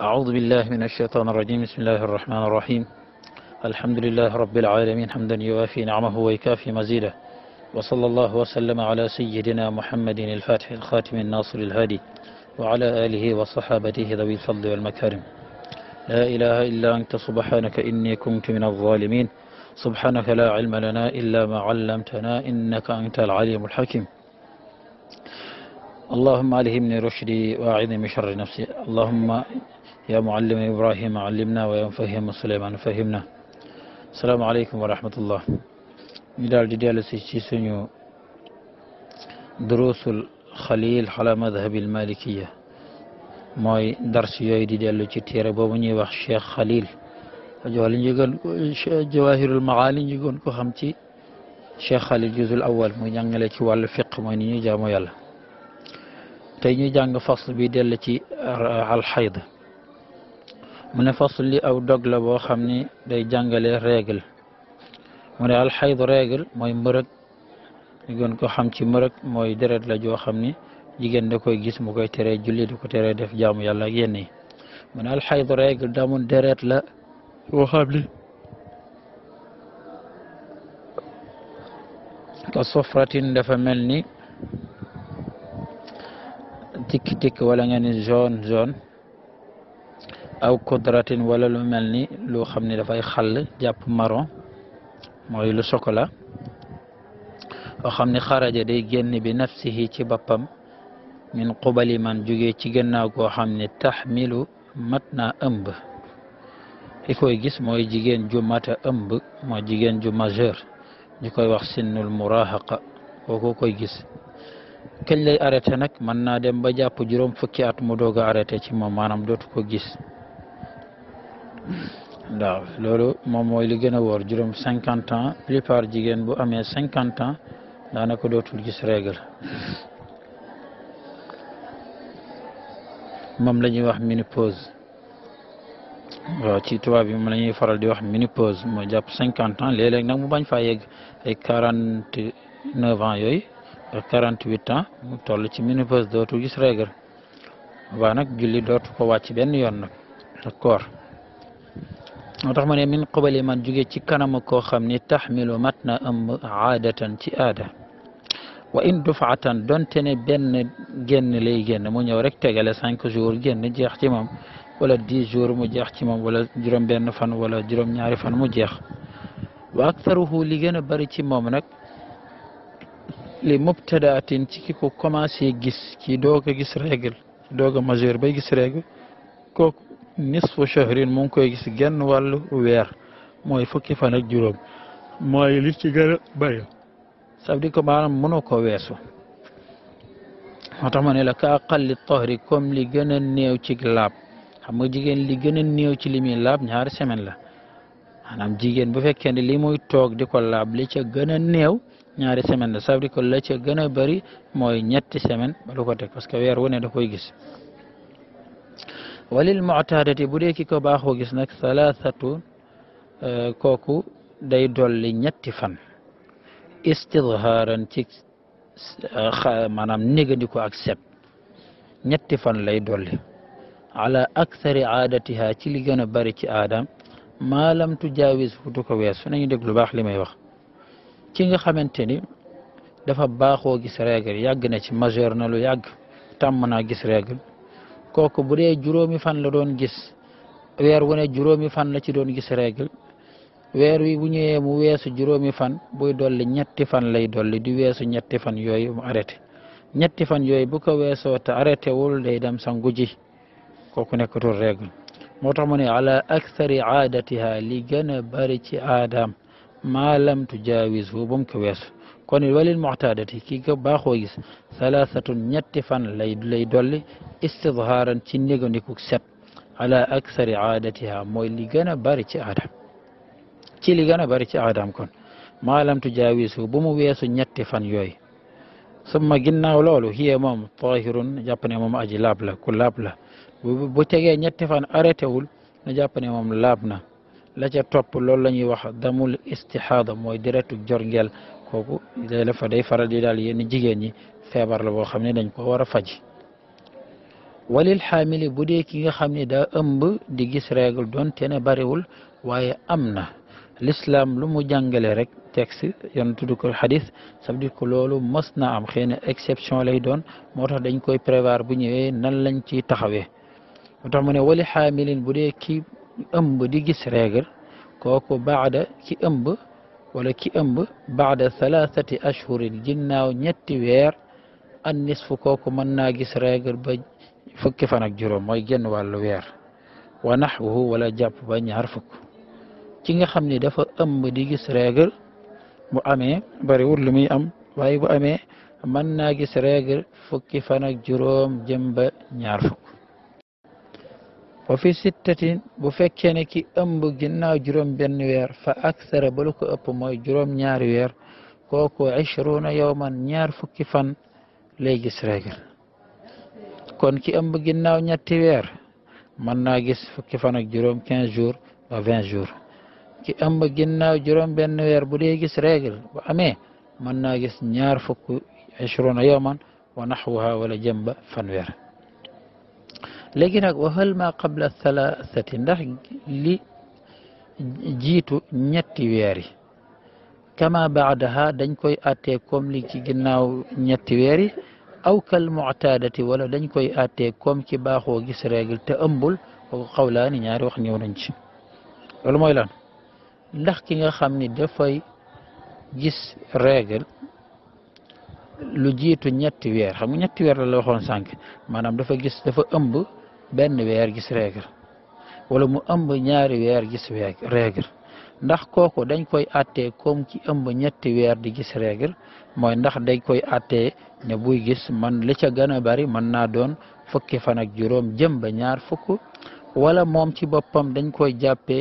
أعوذ بالله من الشيطان الرجيم بسم الله الرحمن الرحيم الحمد لله رب العالمين حمدا يوافي نعمه ويكافي مزيده وصلى الله وسلم على سيدنا محمد الفاتح الخاتم الناصر الهادي وعلى آله وصحابته ذوي الفضل والمكارم لا إله إلا أنت سبحانك إني كنت من الظالمين سبحانك لا علم لنا إلا ما علمتنا إنك أنت العليم الحكيم اللهم من رشدي وأعذني من شر نفسي اللهم يا معلم إبراهيم علمنا ويا مفهم سليمان فهمنا السلام عليكم di الله مدال جديال سيسيسونيو دروس الخليل على مذهب المالكية mooy dars yooyu di dellu ci téere boobu ñuy wax Cheikh Khalil joxali ñu gën jawahirul maali ñu gën ko xam ci Cheikh Khalil ci wàllu fiq mooy ni ñuy jaamu yàlla tey ñu jàng fasl bi dellu ci alxayd من فصل لي أو دغلا بوخمني داي جانغالي ريغل من الحيض ريغل موي مرق يغن كو خام سي مرق موي دريت لا جو خمني جيجن داكوي غيس موكاي تيري جولي دكو تيري ديف جامو يالا ييني من الحيض ريغل دامون دريت لا وخابلي كصفراتين دا فا ملني تيك تيك ولا غاني جون جون aw kudratin wala lu mel ni loo xam ne dafay xàll jàpp marron mooy lu chocolat loo xam ne xaraja day génn bi nafsihi ci boppam min qubali man jóge ci gannaaw koo xam ne taxmilu mat naa ëmb ki koy gis mooy jigéen ju mata ëmb mooy jigéen ju majeur ñu koy wax sinnul murahaqa ko koy gis kañ lay arrêté nag mën naa dem ba jàpp juróom fukki at mu doog a ci moom maanaam dootu ko gis waaw loolu moom mooy li gën a wóor juróom cinquante ans plupart jigéen bu amee cinquante ans daanaka dootul gis règle moom la ñuy wax ménopause waaw ci tubaab bi moom la ñuy faral di wax ménopause moo jàpp cinquante ans léeg nag mu bañ faa yegg ay yooyu ak quarante mu toll ci ménopause dootul gis règle waa nag julli dootu ko wàcc benn yoon nag d'accord رحمني من قبل ما جوجي تي كانما كو خامني تحمل متن ام عاده تي ادا وان دفعه دونتني بن ген لي ген مو نيو ريك تيغال 5 جور ген جيخ تي مام ولا 10 جور مو جيخ تي مام ولا جوروم بن فان ولا جوروم نياري فان مو جيخ واكثره لي ген بري تي مام نك لي مبتدا تي كي كو كوماسي غيس كي دوغا غيس ريغل دوغا ماجور باي غيس ريغل كوكو nisfu shahrin mu ngi koy gis genn wàllu weer mooy fukki fan ak juróom mooy li ci gën a bëri ça veut dire mënoo ko weesu moo tax ma ne la ka aqalli li gën a néew ci laab xam nga jigéen li gën a néew ci li muy laab ñaari semaine la maanaam jigéen bu fekkee ne li muy toog di ko laab li ca gën a néew ñaari semaine la ça veut la ca gën a bëri mooy ñetti semaine ba lu ko teg parce que weer wu ne da koy gis walil mu'tadati bu dee ko baaxoo gis nag salaasatu e, kooku day dolli ñetti fan istidhaaran ci e, maanaam négandiku ak set ñetti fan lay dolli ala akthari aadatiha ci li gën a bari ci aadam maalam tu jaawis fu du ko weesu nañu lu baax li may wax ki nga xamante ni dafa baaxoo gis règle yàgg na ci majeur na lu yàgg tàmm naa gis règle koko ɓuure juromi fanla ɗon guis weer wone juromi fanla ci ɗon guis régle weer wi wuñoye mo weeso juromi fan ɓoy dolle ñatti fan lay dolle di weeso ñatti fan yooy mo arrété ñatti fan yooy buko weeso ta arrété wolde dam sango ji koko nekk toon régle moo tax mo ne ala actari adatiha li gana bari ci adam malam to jawis hu bom ko weeso كوني ولي المعتادة كيكو باخويس ثلاثة نتفن لي دولي دولي استظهارا تنيغو نيكوك سب على أكثر عادتها موي لغانا باري تي آدم تي لغانا باري تي آدم كون ما لم تجاويسو بمويسو نتفن يوي ثم جنا ولولو هي مام طاهرون جابني مام أجي لابلا كلابلا بوتيغي نتفن أرتهول نجابني مام لابنا لا تطلب لولا نيوح دمول استحاضة موي ديرتو جرنجل kooku day la fa day faral di daal yenn jigéen ñi feebar la boo xam ne dañ ko war a faj walil xaamili bu dee ki nga xam ne daa ëmb di gis règle doon ne bariwul waaye am na lislaam lu mu jàngale rek texte yon tudd ko xadis ça veut loolu mës na am xëy na exception lay doon moo tax dañ koy prévoir bu ñëwee nan lañ ciy taxawee moo tax mu ne wali xaamilin bu dee ki ëmb di gis règle kooku baada ki ëmb wala ki ëmb baada thalathati ashhurin ginnaaw ñetti weer an nisfu kooku mën naa gis règle ba fukki fan ak juróom mooy genn wàllu weer wa naxwuhu wala jàpp ba ñaar fukk ci nga xam ne dafa ëmb di gis règle bu amee bariwul lu muy am waaye bu amee mën naa gis règle fukki fan ak juróom jëm ñaar fukk وفي ستة بفكينك أمب جنا جرم بنوير فأكثر بلوك أبو موي جرم نياروير كوكو عشرون يوما نيار فكفا ليجس راجل كون كي أمب جنا ونياتيوير من ناجس فكفا جرم كان جور وفين جور كي أمب جنا جرم بنوير بليجس راجل وأمي من ناجس نيار فكو عشرون يوما ونحوها ولا جنب فنوير léegi nag waxal ma qabla thalathati ndax li jiitu ñetti weer yi kama baadaha dañ koy attee comme li ci ginnaaw ñetti weer yi aw kal muctaadati wala dañ koy attee comme ci baaxoo gis règle te ëmbul kooku xawlaani ñaari wax ñëw nañ ci loolu mooy lan ndax ki nga xam ni dafay gis règle lu jiitu ñetti weer xam nga ñetti weer la la waxoon sànq maanaam dafa gis dafa ëmb benn weer gis règle wala mu ëmb ñaari weer gis règle ndax kooku dañ koy atte comme ki ëmb ñetti weer di gis règle mooy ndax dañ koy atte ne buy gis man li ca gën a bari mën naa doon fukki fan ak juróom jëm ba ñaar fukk wala moom ci boppam dañ koy jàppe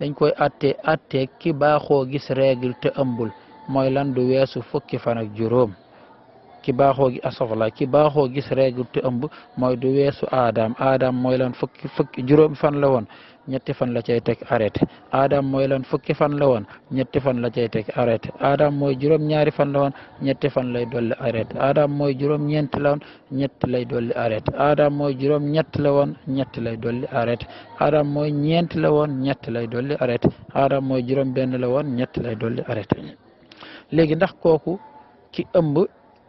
dañ koy àttee atte ki baaxoo gis règle te ëmbul mooy lan du weesu fukki fan juróom ki baaxoo gi asafala ki mooy du weesu aadaam aadaam mooy lan fukki fukki juróom fan la woon ñetti fan la cay teg arrêté aadaam mooy lan fukki fan la woon ñetti fan la cay teg arrêté aadaam mooy juróom ñaari fan la ñetti fan lay dolli arrêté aadaam mooy juróom ñeenti ñetti lay dolli arrêté aadaam mooy juróom la woon ñetti lay dolli arrêté aadaam mooy ñeenti la woon ñetti lay dolli arrêté aadaam mooy juróom benn la woon ñetti lay dolli arrêté léegi ndax kooku ki ëmb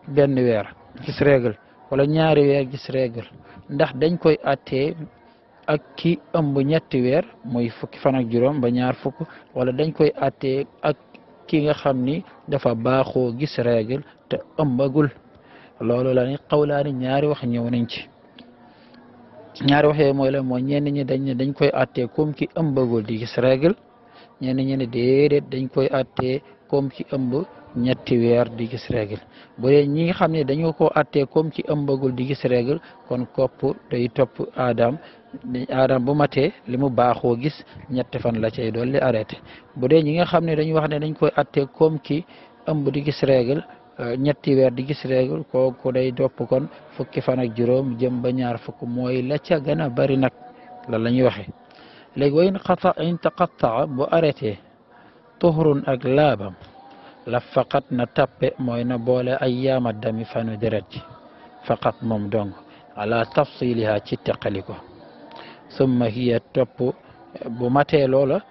benn weer gis wala ñaari weer gis règle ndax dañ koy attee ak ki ëmb ñetti weer mooy fukki fan ak juróom ba ñaar fukk wala dañ koy attee ak ki nga xam ni dafa baaxoo gis règle te ëmbagul loolu la ni xawlaani ñaari wax ñëw nañ ci ñaari wax mooy la mooy ñenn ñi dañ dañ koy atte comme ki ëmbagul di gis règle ñenn ñi dañ koy attee comme ki ëmb ñetti weer di gis règle ñi nga xam ne dañoo koo attee comme ci ëmbagul di gis règle kon kopp day topp aadam aadam bu matee li mu baaxoo gis ñetti fan la cay dolli arrêté bu dee ñi nga xam ne dañu wax ne dañ koy attee comme ci ëmb di gis règle euh, ñetti weer di gis règle kooku day topp kon fukki fan ak juróom jëm ba ñaar fukk mooy la ca gën a bari nag lan la ñuy waxee léegi wayn ak laabam la faqat na tappe mooy na boole ayyaama dami fanu deret ci faqat moom dong ala tafsiliha ci teqaliko summa hiya topp bu matee loola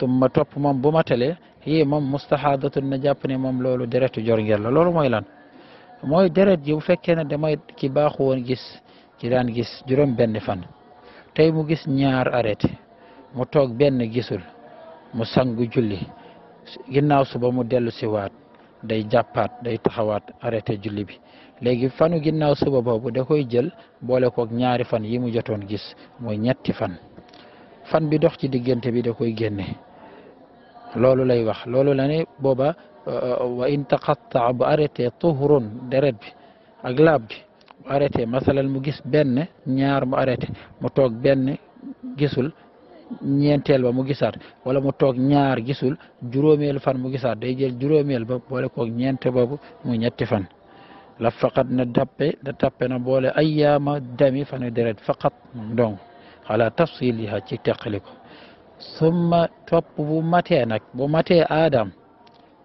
summa topp moom bu matale yi moom mustahadatun na jàpp ne moom loolu deretu jorngel la loolu mooy lan mooy deret ji bu fekkee ne damay ki baaxu woon gis ci daan gis juróom benn fan tey mu gis ñaar arrêté mu toog benn gisul mu sangu julli ginnaaw suba mu dellu si waat day jàppaat day taxawaat arrêté julli bi léegi fanu ginnaaw suba boobu da koy jël boole koog ñaari fan yi mu jotoon gis mooy ñetti fan fan bi dox ci diggante bi da koy génne loolu lay wax loolu la booba euh, euh, wa in taqattaa bu arrêté tuhurun deret bi ak laab bi bu arrêté masalal mu gis benn ñaar mu arrêté mu toog benn gisul ñeenteel ba mu gisaat wala mu toog ñaar gisul juróomeel fan mu gisaat day jël juróomeel ba boole koog ñeente boobu muy ñetti fan la faqat na dappe da tappe na boole ayama dami fani deret faqat dong ala tafsiliha ci teqli ko summa topp bu matee nag bu matee adam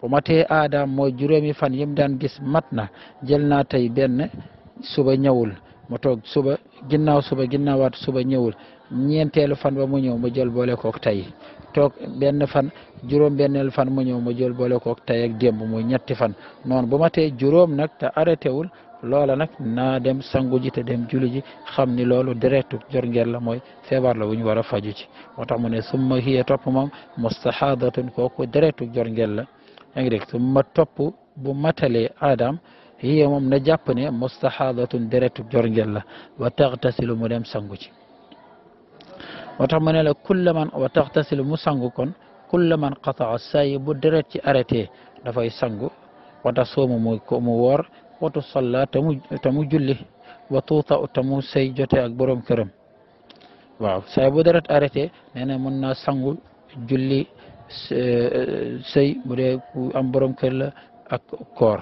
bu matee adam mooy juróomi fan yim daan gis mat na jël naa tey benn suba ñëwul mu toog suba ginnaaw suba ginnaawaat suba ñëwul ñeenteelu fan ba mu ñëw mu jël boole kook tey toog benn fan juróom benneelu fan mu ñëw mu jël boole kook tey ak démb ñetti fan noonu bu ma tee juróom nag te arrêté wul loola nag naa dem sangu ji te dem juli ji xam ni loolu directu jorngeel la mooy feebar la bu ñu war a faju ci moo tax mu ne summa hiya topp moom mustahadatun kooku directu jorngeel la yaa ngi dégg topp bu matalee adam hiya moom a jàpp ne mustahadatun deretu jorngel la wa taxtasilu mu dem sangu ci moo mu ne la kulla man wa taxtasilu mu sangu kon kulla man qataa sayi bu deret ci arrêté dafay sangu wata soomu mu mu watu salla tamu julli wa tuuta tamu sëy jote ak borom këram waaw saay bu deret arrêté nee na sangu julli sëy bu dee am borom kër la ak koor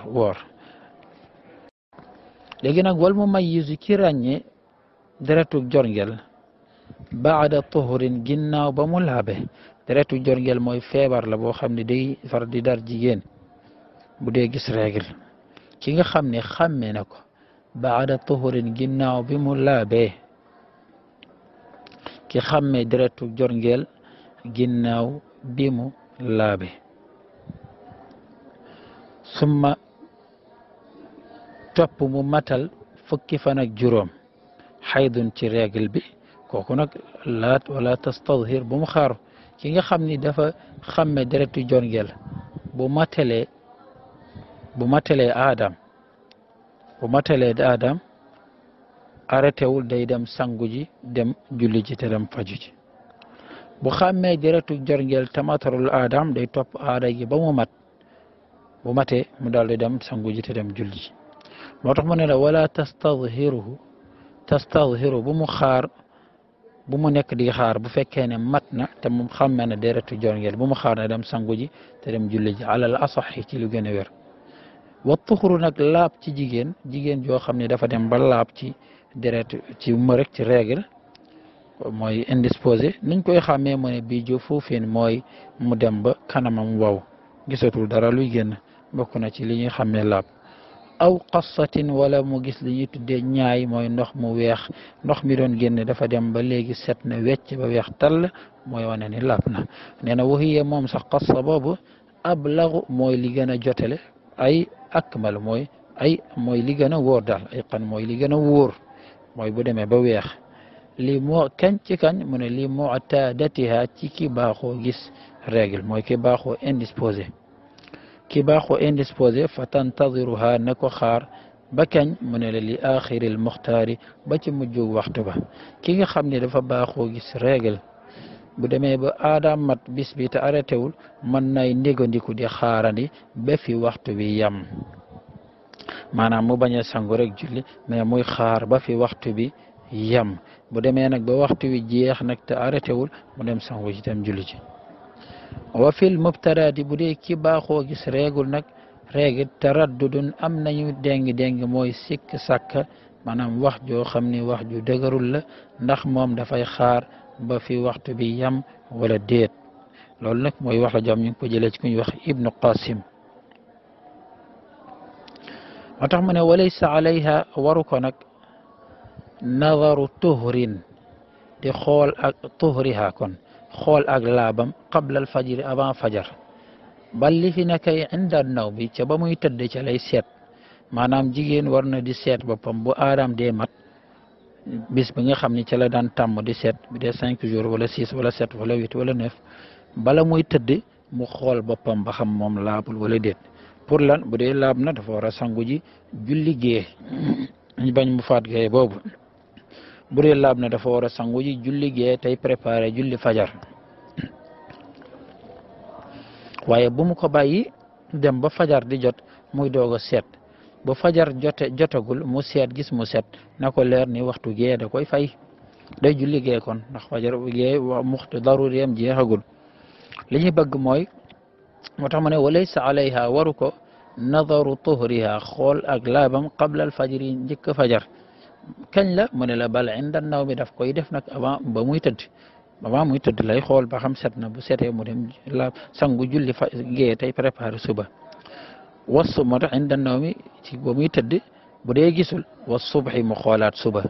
léegi nag wal mu mayyisu ki ràññe deretu jorngel baada tuhurin ginnaaw ba mu laabe deretu jorngel mooy feebar la boo xam ne day far di dar jigéen bu dee gis règle ki nga xam ne xàmme na ko baada tuhurin ginnaaw bi mu laabee ki xàmme deretu jorngel ginnaaw bi mu laabe summa topp mu matal fukki fan ak juróom xaydun ci règle bi kooku nag laat wala tastadhir bu mu xaaru ki nga xam ni dafa xamme deretu jongel bu matalee bu matele aadam bu matalee aadam arrêté wul day dem sangu ji dem julli ji te dem faju ji bu xàmmee deretu jorngeel tamatarul aadam day topp aada ba mu mat bu matee mu daal di dem sangu te dem julli moo tax mu ne la wala tastadhiruhu tastadhiru bu mu xaar bu mu nekk di xaar bu fekkee ne mat na te mu xam na ne deretu jongeel bu mu xaar ne dem sangu ji te dem julli ji alal asaxi ci lu gën a wér wa nag laab ci jigéen jigéen joo xam ne dafa dem ba laab ci deret ci mu rek ci règle mooy indisposé niñ koy xàmmee mu ne bii jo mooy mu dem ba kanamam wow gisatul dara luy génn bokk na ci li ñuy xàmmee laab aw qassatin wala mu gis li ñuy tuddee ñaay mooy ndox mu weex ndox mi doon génn dafa dem ba léegi set na wecc ba weex tall mooy wane ni làpp na nee na waxiye moom sax qassa boobu ablagu mooy li gën a jotale ay akmal mooy ay mooy li gën a wóor daal ay qan mooy li gën a wóor mooy bu demee ba weex lii moo kañ ci kañ mu ne lii moo taadatiha ci ki baaxoo gis règle mooy ki baaxoo indisposé ki baaxoo indisposé fa tantadiruha na ko xaar ba kañ mu ne la li axiril muxtaari ba ci mujju waxtu ba ki nga xam ne dafa baaxoo gis règle bu demee ba aadaam mat bis bi te arrêté wul mën nay négandiku di xaarandi ba fi waxtu bi yam maanaam mu bañ a sangu rek julli mais muy xaar ba fi waxtu bi yam bu demee nag ba waxtu wi jeex nag te arrêté wul mu dem sangu ci tam julli ci wa fil mubtaraati bu dee ki baaxoo gis reegul nag reegi taraddudun am nañu déng-déng mooy sikk sàkk maanaam wax joo xam ni wax ju dëgërul la ndax moom dafay xaar ba fi waxtu bi yam wala déet loolu nag mooy wax la jom ñu ngi ko jëlee ci ku ñuy wax ibnu qasim moo tax mu ne walaysa alayha waru ko nag nadaru tuhrin di xool ak tuhriha kon xool ak laabam qabla al fajri avant fajar bal li fi nekkay bi ca ba muy tëdd ca lay seet maanaam jigéen war na di seet boppam bu aaraam de mat bis bi nga xam ne ca la daan tàmm di seet bi de cinq jours wala six wala sept wala huit wala neuf bala muy tëdd mu xool boppam ba xam moom laabul wala déet pour lan bu de laab na dafa war a sangu ji julli gée bañ mu faat gée boobu bu dee laab na dafa war a sangu ji julli gee tey préparé julli fajar waaye bu mu ko bàyyi dem ba fajar di jot muy doog a seet bu fajar jote jotagul mu set gis mu set na ko leer ni waxtu gee da koy fay day julli gee ndax fajar gee muxtu daruriyam jeexagul li ñu bëgg mooy moo tax mu ne walaysa alayha waru ko nadaru tuhriha xool ak laabam qabla al fajri fajar kañ la mu ne la bal inda naw mi daf koy def nag avant ba muy tëdd avant muy tëdd lay xool ba xam set na bu setee mu dem la sangu julli fa gée tey préparé suba wasu moo tax inda naw mi ci ba muy tëdd bu dee gisul was subaxi mu xoolaat suba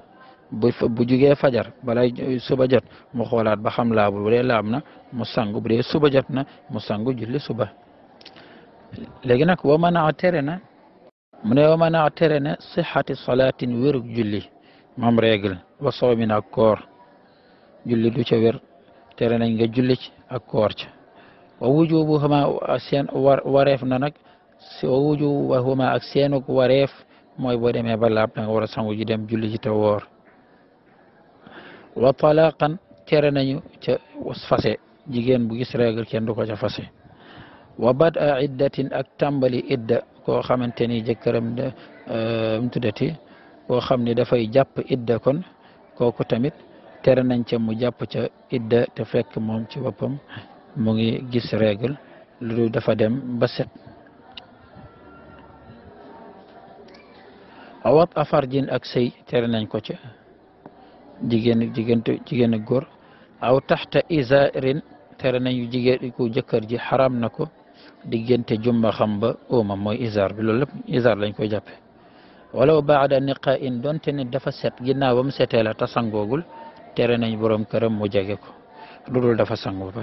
bu bu jugee fajar bala suba jot mu xoolaat ba xam laabu bu dee laab na mu sangu bu dee suba jot na mu sangu julli suba léegi nag wa mën a tere na mu ne wa manaa tere ne sixati salaatin wérug julli moom règle wa sawmin ak koor julli du ca wér tere nañ nga julli ci ak koor ca wa wujubuhuma seen war na nag si wa wujubuhuma ak seenug wareef mooy boo demee ba laab da nga war a sangu ji dem julli ci te woor wa talaqan tere nañu ca fase jigéen bu gis règle kenn ca fase wa bada iddatin ak tàmbali idda koo xamante ni jëkkëram de euh, mu tuddati koo xam ne dafay jàpp idda kon kooku tamit tere nañ ca mu jàpp ca idda te fekk moom ci boppam mu ngi gis règle lu dafa dem ba set awat afar jin ak sëy tere nañ ko ca jigéen jigénte jigéen aw taxta isaarin tere nañu jigéen jëkkër ji xaram na ko diggante jumba xam ba ooma mooy izar bi loolu lépp izar lañ koy jàppe walaw baada niqa in donte ne dafa set ginnaaw ba mu setee la ta sangoogul tere nañ borom këram mu jege ko ludul dafa sangu ba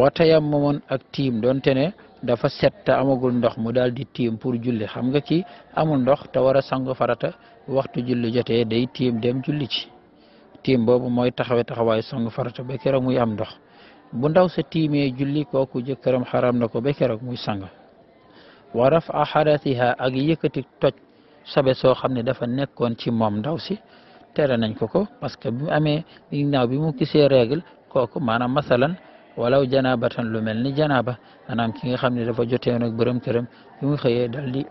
pare yam moomoon ak tiim donte ne dafa set te amagul ndox mu daal di tiim pour julle xam nga kii amul ndox te war a sangu farata waxtu julli jotee day tiim dem julli ci tiim boobu mooy taxawe taxawaayu sangu farata ba keroog muy am ndox bu ndaw se sa tiimee julli kooku jëkkëram xarab na ko ba keroog muy sang wa rafa xaratiha ak yëkkati toj sabe soo xam ne dafa nekkoon ci moom ndaw si tere nañ ko ko parce que bi mu amee ginnaaw bi mu gisee règle kooku maanaam masalan walaw janabatan lu mel ni janaba maanaam ki nga xam ne dafa jote ak bërëm këram bi mu xëyee daal di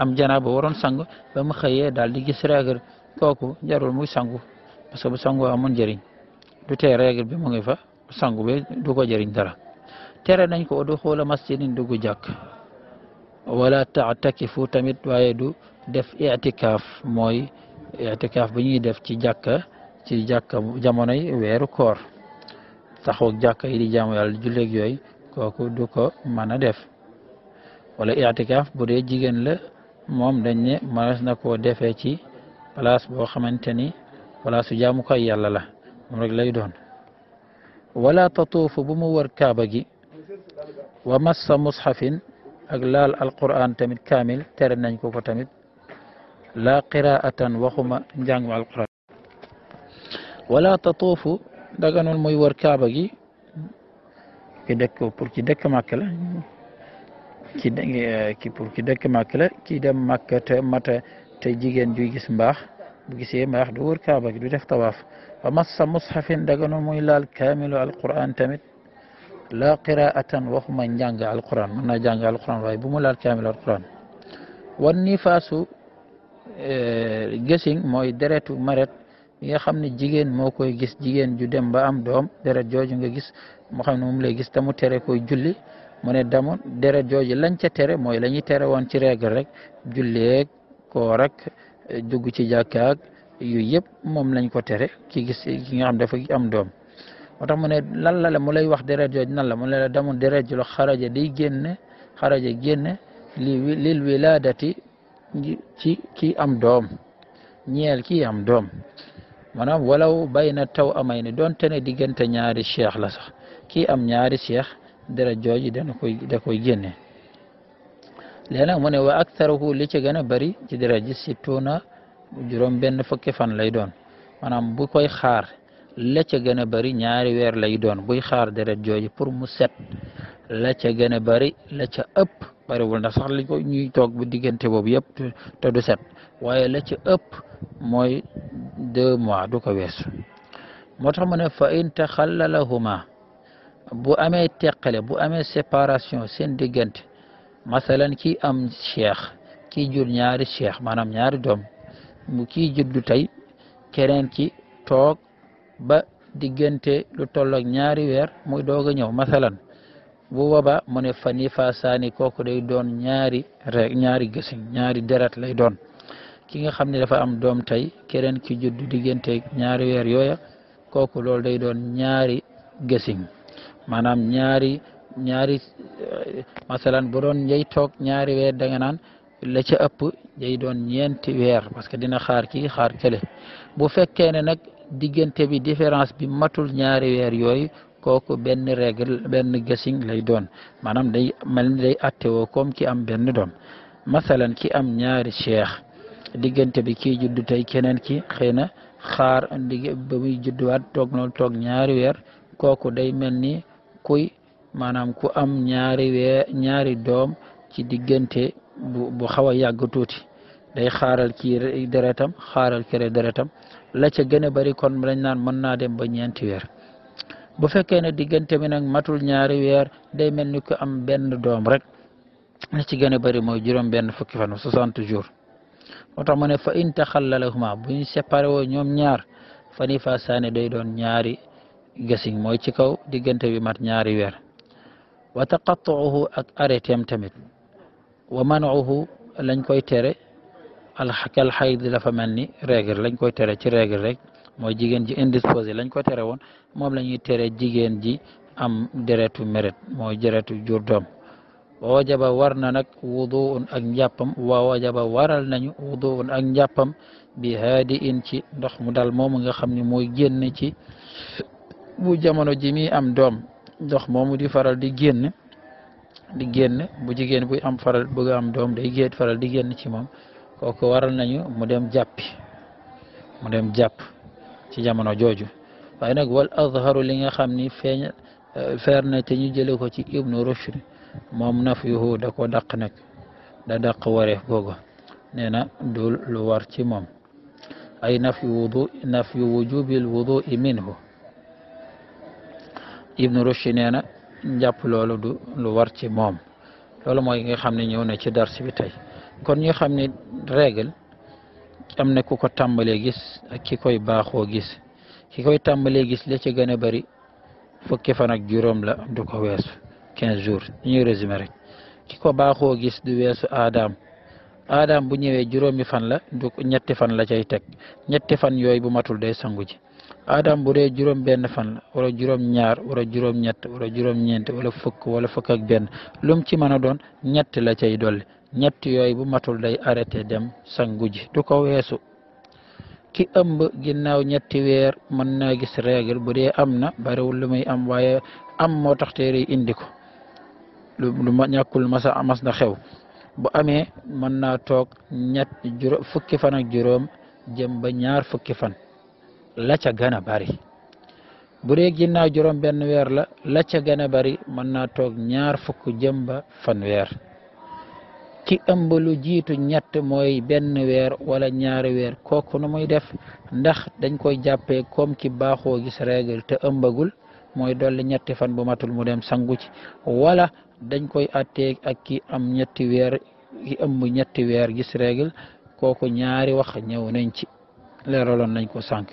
am janaba waroon sang ba mu xëyee daal di gis règle kooku jarul muy sangu parce que bu sangu amoon njëriñ du tee règle bi mu ngi sanguɓe dugojarin dara terenañ ko oɗo hoola masjidin dugu jak wala tatake fu tamit wawedu def itikaf moy itikaf bu ñuy def ci jakka ci jakka jamonoy weeru koor taxoog jàkka yi di jaamu yàlla julleeg yooyu kooku du ko mën a def wala itikaf bu dee jigéen la moom dañ ne mënes na koo defee ci place boo xamante ni place su jaamukoy yàlla la moom rek lay doon wala tatuufu bu mu wër kaaba gi wa massa mushafin ak laal alquran tamit kaamil tere nañ ko ko tamit laa qiraatan waxuma njàngum alquran wala tatuufu daganul muy wër kaaba gi ki dëkk pour ki dëkk màkk la eh, ki pour ki dëkk màkk la te mata te jigéen juy gis mbaax bu gisee maax du wër gi du def tawaaf fa massa mushafin daganu muy laal kaamilu alquran tamit laa qiraatan waxuma njàng alquran mën naa jàng alquran waaye bu mu laal kaamilu alquran wan nifaasu e, gësin mooy deretu maret mi nga xam ne jigéen moo koy gis jigéen ju dem ba am doom deret jooju nga gis mu xam ne moom lay tere koy julli mu ne damu deret jooju lañ ca tere mooy la tere woon ci rek julleeg koo dugg ci jàkkaak yooyu yëpp moom lañ ko tere ki gis ki nga xam dafa am doom moo tax ne lan la la mu lay wax deret jooju nan la mu ne la damul deret ju la xaraja day génne xaraja génne li lil wilaadati ci ki am doom ñeel ki am doom maanaam wala bay na taw amay ni doonte ne diggante ñaari cheikh la sax ki am ñaari cheikh deret jooju de koy da génne léegi nag mu ne wa aktharuhu li ci gën a bëri ci dara ji sittuuna juróom benn fukki fan lay doon maanaam bu koy xaar la ca gën a bëri ñaari weer lay doon buy xaar deret jooju pour mu set la ca gën a bëri la ca ëpp bëriwul ndax sax ko ñuy toog bu diggante boobu yëpp du set waaye la ca ëpp mooy deux mois du ko weesu moo tax mu ne fa in taxallalahuma bu amee teqale bu amee séparation seen diggante masalan ki am cheikh ki jur ñaari cheikh maanaam ñaari doom mu kii juddu tey kereen ki toog ba diggante lu tolloog ñaari weer muy doog a ñëw masalan bu boobaa mu ne fa ni fa saani kooku day doon ñaari rek ñaari gësin ñaari deret lay doon ki nga xam ne dafa am doom tey kereen ki juddu diggante ñaari weer yooya kooku loolu day doon ñaari gësin maanaam ñaari ñaari masalan bu doon njëy toog ñaari weer da naan la ca ëpp day doon ñeenti weer parce que dina xaar ki xaar kele bu fekkee ne nag diggante bi différence bi matul ñaari weer yooyu kooku benn règle benn gasing lay doon maanaam day mel ni day attewoo comme ki am benn doom masalan ki am ñaari cheikh diggante bi kii juddu tey keneen ki xëy na xaar ba muy judduwaat toog noonu toog ñaari weer kooku day mel kuy maanaam ku am ñaari wee ñaari doom ci diggante bu bu xaw a yàgg tuuti day xaaral kii deretam xaaral kere deretam la ca gën a bari kon lañ naan mën naa dem ba ñeenti weer bu fekkee ne diggante bi nag matul ñaari weer day mel ni ku am benn doom rek la ci gën a bari mooy juróom benn fukki fan soixante jours moo tax mu ne fa inta taxallalahuma bu ñu séparé woo ñoom ñaar fa ni fa saane day doon ñaari gasing mooy ci kaw diggante bi mat ñaari weer wa taqattuuhu ak arrêté am tamit wa manuhu lañ koy tere alxakal xayd dafa mel ni règle lañ koy tere ci règle rek mooy jigéen ji indisposé lañ ko tere woon moom la ñuy tere jigéen ji am deretu meret mooy deretu jur doom wa wajaba war na nag wuduun ak njàppam wa wajaba waral nañu wuduun ak njàppam bi haadi in ci ndox mu dal moomu nga xam ne mooy génn ci bu jamono ji mi am doom ndox moomu di faral di génn di génn bu jigéen buy am faral bëgg am doom day géet faral di génn ci moom kooku waral nañu mu dem jàppi mu dem jàpp ci jamono jooju waaye nag wal azharu li nga xam ni feeñ feer na te ñu jële ko ci ibnu rushd moom naf yuhu da ko dàq nag da dàq wareef googu nee na dul lu war ci moom ay naf yu wudu naf yu wujubil wudu minhu ibnu rushdi nee na njàpp loolu du lu war ci moom loolu mooy nga xam ne ñëw na ci dars bi tey kon ñu xam ne règle am na ku ko tàmbalee gis ak ki koy baaxoo gis ki koy tàmbalee gis la ci gën a bëri fukki fan ak juróom la du ko weesu quinze jours ñuy résumé ko baaxoo gis du weesu aadaam aadaam bu ñëwee juróomi fan la du ñetti fan la cay teg ñetti fan yooyu bu matul day sangu ji adam ɓuure juróom benn fan la wala juróom ñaar wala juróom ñett wala juróom ñeent wala fukk wala fukk ak benn lum ci mën a doon ñett la cay dolli ñett yooyu bu matul day arrêté dem sangu ji du ko weesu ki ëmb ginnaaw ñetti weer mën naa gis régle bu dee am na bariwul lu muy am waaye am moo tax teeri indi ko lu lu ma ñàkkul masa mas na xew bu amee mën naa toog ñett juró fukki fan ak juróom jëm ba ñaar fukki fan la ca gën bari bu dee ginnaaw juróom benn weer la la ca gën a bari mën naa toog ñaar fukk jëm ba fanweer ki ëmb lu jiitu ñett mooy benn weer wala ñaari weer kook nu muy def ndax dañ koy jàppee comme ki baaxoo gis règle te ëmbagul mooy dolli ñett fan bu matul mu dem sangu ci wala dañ koy attee ak ki am ñetti weer ki ëmb ñetti weer gis règle kooku ñaari wax ñëw nañ ci leeraloon nañ ko sànq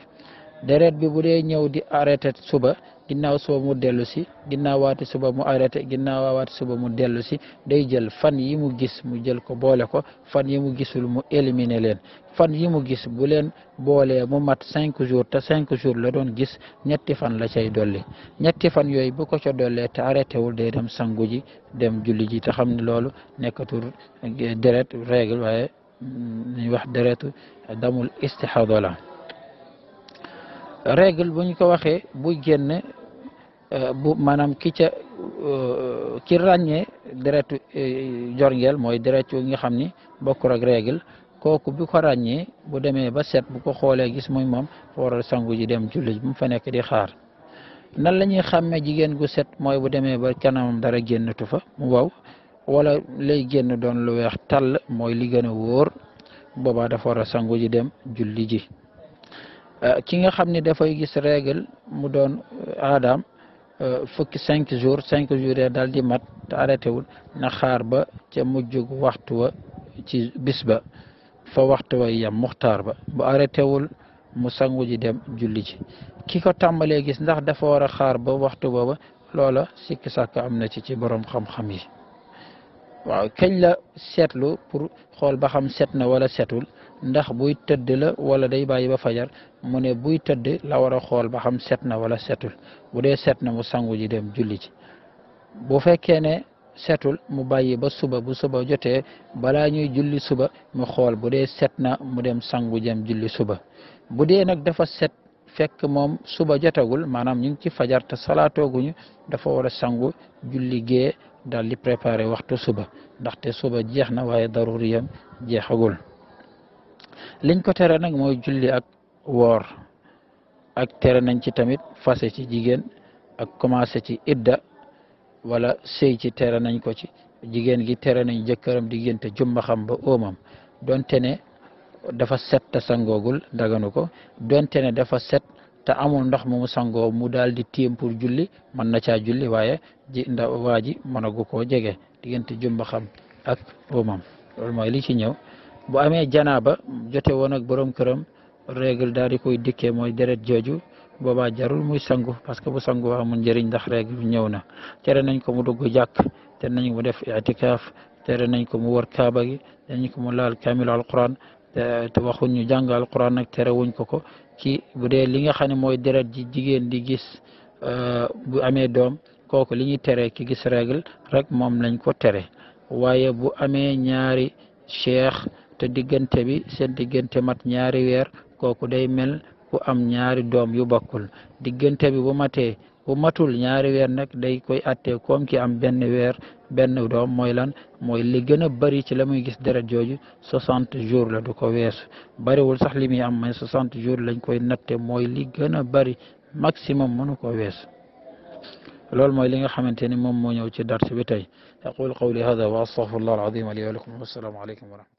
deret bi bu dee ñëw di arrêté suba ginnaaw suba mu dellu si ginnaaw waati suba mu arrêté ginnaaw waati suba mu dellu si day jël fan yi mu gis mu jël ko boole ko fan yi mu gisul mu éliminer leen fan yi mu gis bu leen boolee mu mat cinq jours te cinq jours la doon gis ñetti fan la cay dolli ñetti fan yooyu bu ko ca dollee te arrêté wul day dem sangu ji dem julli ji te xam ne loolu nekkatul deret règle waaye mm, ñu wax deretu damul istihada la regle bu ñu ko waxee buy génn euh, bu maanaam ki ca euh, ki ràññee deretu euh, jorngeel mooy deretu nga xam ni bokkul ak règle kooku bi ko ràññee bu demee ba set bu ko xoolee gis muy moom waral sangu ji dem jullit bu mu fa nekk di xaar nan la ñuy xàmmee jigéen gu set mooy bu demee ba kanamam dara génnatu fa mu waw wala lay génn doon lu weex tàll mooy li gën a wóor boobaa dafa war a sangu ji dem julli ji Euh, ki nga xam ni dafay gis règle mu doon aadaam euh, euh, fukki cinq jours cinq jours ya daal di mat te arrêté wul na xaar ba ce mujjug waxtu wa ci bis ba fa waxtu wa yam muxtaar ba bu arrêté wul mu sangu ji dem julli ji ki ko tàmbalee gis ndax dafa war a xaar ba waxtu booba loola siki sàkk am na ci ci borom xam-xam yi waaw kañ la seetlu pour xool ba xam set na wala setul ndax buy tëdd la wala day bàyyi ba fajar mu ne buy tëdd la war a xool ba xam set na wala setul bu dee set na mu sangu ji dem julli ji bu fekkee ne setul mu bàyyi ba suba bu suba jotee balaa ñuy julli suba mu xool bu dee set na mu dem sangu jëm julli suba bu dee nag dafa set fekk moom suba jotagul maanaam ñu ngi ci fajar te salaatooguñu dafa war a sangu julli gee daal di préparer waxtu suba ndaxte suba jeex na waaye daruriyam jeexagul liñ ko tere nag mooy julli ak woor ak tere nañ ci tamit fase ci jigéen ak commencé ci idda wala sëy ci tere nañ ko ci jigéen gi tere nañ jëkkëram diggénte jumbaxam ba óomam donte ne dafa set te sangoogul daganu ko donte ne dafa set te amul ndox mu mu sangoo mu daal di tiim pour julli mën na caa julli waaye ji ndaw waa ji mënagu koo jege diggante jumbaxam ak óomam loolu mooy li ci ñëw bu amee janaaba jote woon ak borom këram règle daal di koy dikkee mooy deret jooju boobaa jarul muy sangu parce que bu sangu amul njëriñ ndax règle ñëw na tere nañ ko mu dugg jàkk tere nañ mu def itikaaf tere nañ ko mu wor kaaba gi tere nañ ko mu laal kamil alquran te waxuñ ñu jàng alquran nag tere wuñ ko ko ci bu dee li nga xam ne mooy deret ji jigéen di gis euh, bu amee doom kooku li ñuy tere ki gis règle rek moom lañ ko tere waaye bu amee ñaari cheikh te diggante bi seen diggante mat ñaari weer kooku day mel ku am ñaari doom yu bokkul diggante bi bu matee bu matul ñaari weer nag day koy atte kom ki am benn weer benn doom mooy lan mooy li gën a bëri ci la muy gis deret jooju soixante jours la du ko weesu bëriwul sax li muy am mais soixante jours lañ koy natte mooy li gën a bëri maximum mënu ko wees loolu mooy li nga xamante ni moom moo ñëw ci dars bi tey aqul qawli hada wa astaghfirullah alazim li wa lakum wassalaamu aleykum wa rahmatullah